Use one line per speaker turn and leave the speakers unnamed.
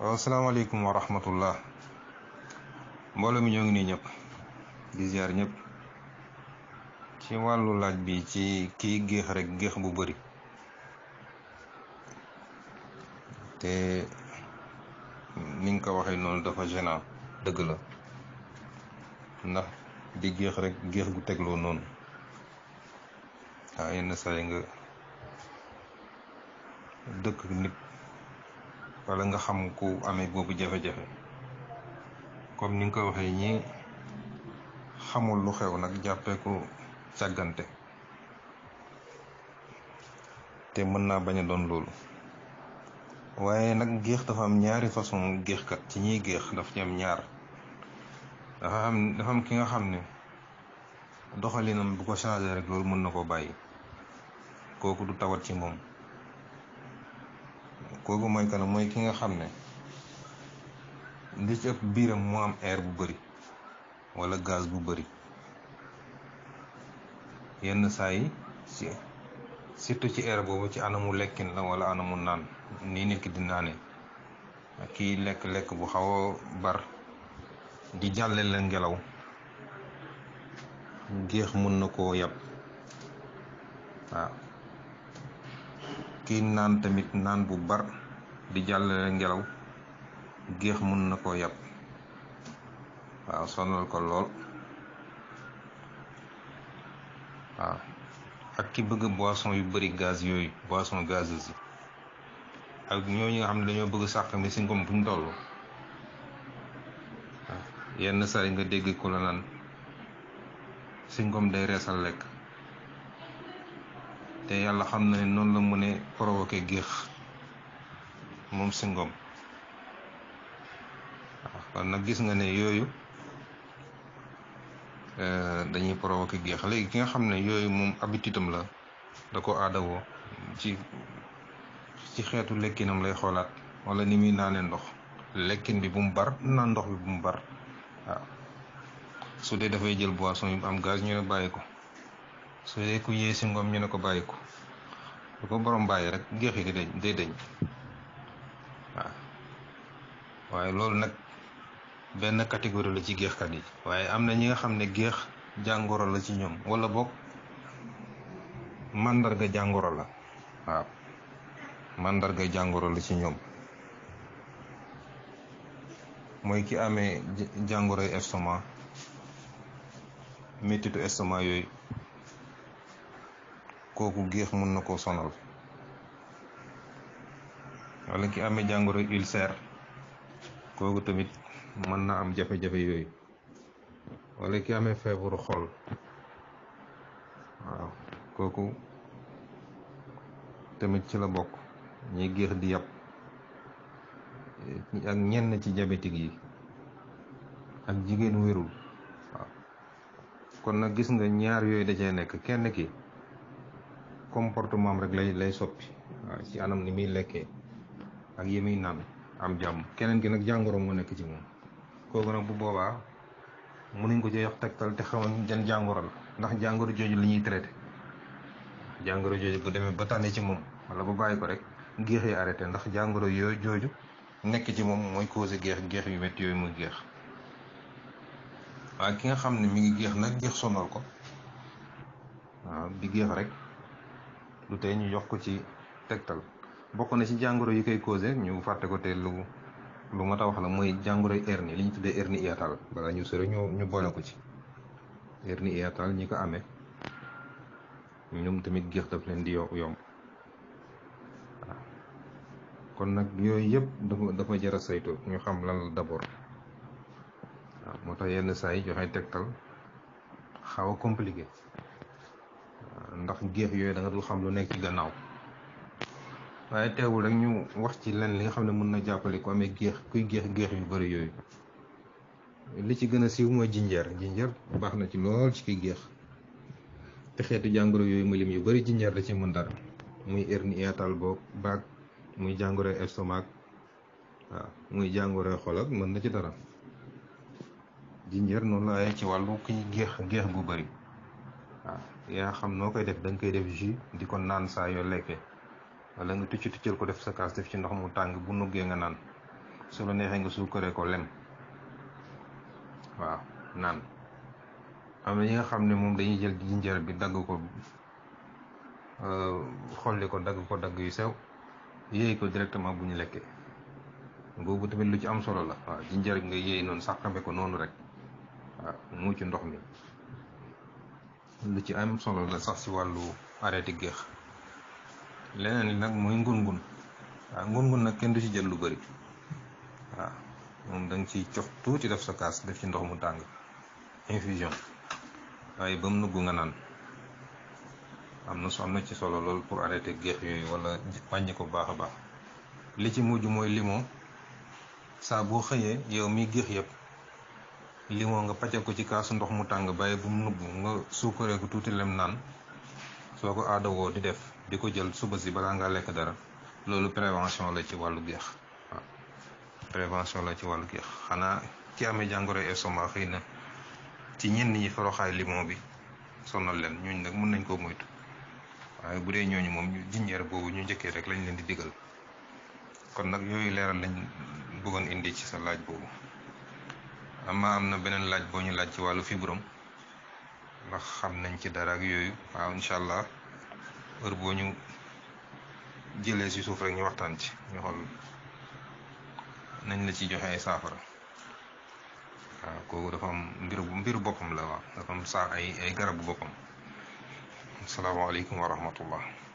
waaw asalaamaaleykum wa rahmatullah mbooloo mi ñoo ngi nii ñëpp di ziar ñëpp ci wàllu laaj bi ci kii géex rek géex bu bari te ni ko waxee noonu dafa gênant dëgg la ndax di géex rek géex gu tegloo noonu waaw yenn saa nga dëkk nit wala nga xam ku amee boobu jafe-jafe comme ni nga ko waxee ñi xamul lu xew nag jàppee ko càggante te mën naa bañ a doon loolu waaye nag géex dafa am ñaari façon ka ci ñiy géex dafa ci am ñaar dafa am ki nga xam ne doxalinam bu ko changé rek loolu mën na koo bàyyi kooku du tawat ci moom kooku mooy kanam mooy ki nga xam ne li ci ëpp biiram mu am air bu bari wala gaz bu bari yenn saa yi ci surtout ci air boobu ci anamu lekkin la wala anamu naan nii nit ki di naane ak kiy lekk-lekk bu xaw a bar di jàlle la ngelaw géex mën na koo yab waaw kii naan tamit naan bu bar di jàllale ngelaw géex mun na koo yàpp waaw sonal ko lool waaw ak ki bëgg boisson yu bëri gaz yooyu boisson gazeuse yi ak ñooñu nga xam ne dañoo bëgg sàq mi si ngom buñ toll waaw yenn saa yi nga dégg ku la naan si ngom day reesal lekk te yàlla xam na ne noonu la mu ne provoqué géex moom si ngoom waaw kon nag gis nga ne yooyu euh, dañuy provoqué géex léegi ki nga xam ne yooyu moom habitude am la da ko aadawoo ci ci xeetu lekkinam lay xoolaat wala ni muy naanee ndox lekkin bi bu mu bar naan ndox bi bu mu bar waaw su dee dafay jël boisson yu am gaz ñu ne bàyyi ko su dee ku si ngoom ñu ne ko bàyyi lu ko borom bàyyi rek géexi gi dañ day dañ waaw waaye loolu nag benn catégorie la ci géexkat yi waaye am na ñi nga xam ne géex jàngoro la ci ñoom wala boog màndarga jàngoro la waaw màndarga jàngoro la ci ñoom mooy ki amee jàngoroy estomac méttitu estomac yooyu kooku géex mën na koo sonal wala ki amee jàngoro ulcère kooku tamit mën na am jafe-jafe yooyu wala ki amee feebaru xol waaw kooku tamit ci la bokk ñuy géex di yàpp ak ñenn ci diabétique yi ak jigéen wérul waaw kon nag gis nga ñaar yooyu da cee nekk kenn ki comportement am rek lay lay soppi waaw ci anam ni muy lekkee ak yi muy naan am jàmm keneen ki nag jàngoro moo nekk ci moom kooku nag bu boobaa mënuñ ko ci yox tegtal te xamuñ jan jàngoro la ndax jàngoro jooju li ñuy traité jàngoro jooju bu demee ba tànne ci moom wala bu bàyyi ko rek géex yi arrêté ndax jàngoro yooyu jooju nekk ci moom mooy causé géex géex yu métti yooyu muy géex waaye ki nga xam ne mi ngi géex nag géex sonal ko waaw bi géex rek du tey ñu jox ko ci tegtal bokk na ci jàngoro yi koy causé ñu fàtte ko te lu lu ma ta wax la mooy jàngoroy hernie li ñu tuddee hernie hiatale balaa ñu sori ñu ñu boole ko ci hernie hiatale ñi ko amee ñoom tamit géex daf leen di yomb kon nag yooyu yëpp dafa dafa jar sayto ñu xam lan la d'abord waaw moo tax yenn saa yi joxe tegtal xaw a compliqué ndax géex yooyu da dul xam lu nekk ci gannaaw waaye teewul rek ñu wax ci lenn li nga xam ne mën na jàppale ku amee géex kuy géex géex yu bari yooyu li ci gën a siiw mooy jinjeer jinjeer baax na ci lool ci kiy géex te xeetu jàngoro yooyu mu lim yu bëri jinjeer da ci mën dara muy hernie hiatale boog baag muy jàngoro estomac waaw muy jàngoroy xol mën na ci dara jinjeer noonu la ay ci wàllu kiy géex géex bu bëri waaw yaa xam noo koy def danga koy def jus di ko naan saa yoo lekkee wala nga tucc tuccal ko def sa kaas def ci ndox mu tàng bu nuggee nga naan solo la neexee nga suukaree ko lem waaw naan am na ñi nga xam ne moom dañuy jël njar bi dagg ko euh, xolli ko dagg ko dagg yu sew yéey ko directement bu ñu lekkee boobu tamit lu ci am solo la waaw jinjar bi nga yéey noonu sàqame ko noonu rek mu mucc ndox mi lu ci am solo la sax si wàllu arrêté géex leneen li nag mooy ngun-ngun waaw ngun-ngun nag kenn du ci jël lu bari waaw moom da nga ciy cox tuuti def sa kaas def ci ndox mu tàng infusion waaye ba mu nugg nga naan am na su am na ci solo lool pour arrêté géex yooyu wala wàññi ko baax a baax li ci mujj mooy limon saa boo xëyee yow mi géex yëpp limoo nga paccal ko ci kaasu ndox mu tàng bàyyi bu nubb nga suukareeku tuuti lem naan soo ko aadawoo di def di ko jël suba si balaa ngaa lekk dara loolu prévention la ci wàllu geex prévention la ci wàllu geex xanaa ki amee jàngoro estomac xëy na ci ñenn ñi faroxaay limon bi sonal leen ñooñu nag mën nañ koo moytu waaye bu dee ñooñu moom ñu jinjeer boobu ñu njëkkee rek lañ leen di digal kon nag yooyu leeral lañ buggoon indi ci sa laaj boobu amma am na beneen laaj boo ñu laaj ci wàllu fibrom ndax xam nañ ci dara ak yooyu waaw incha allah heure boo ñu jëlee si suuf rek ñu waxtaan ci ñu nañ la ci joxe ay saafara waaw kooku dafa am mbiru mbiru boppam la waaw dafa am saa ay ay garabu boppam asalaamaaleykum wa rahmatullah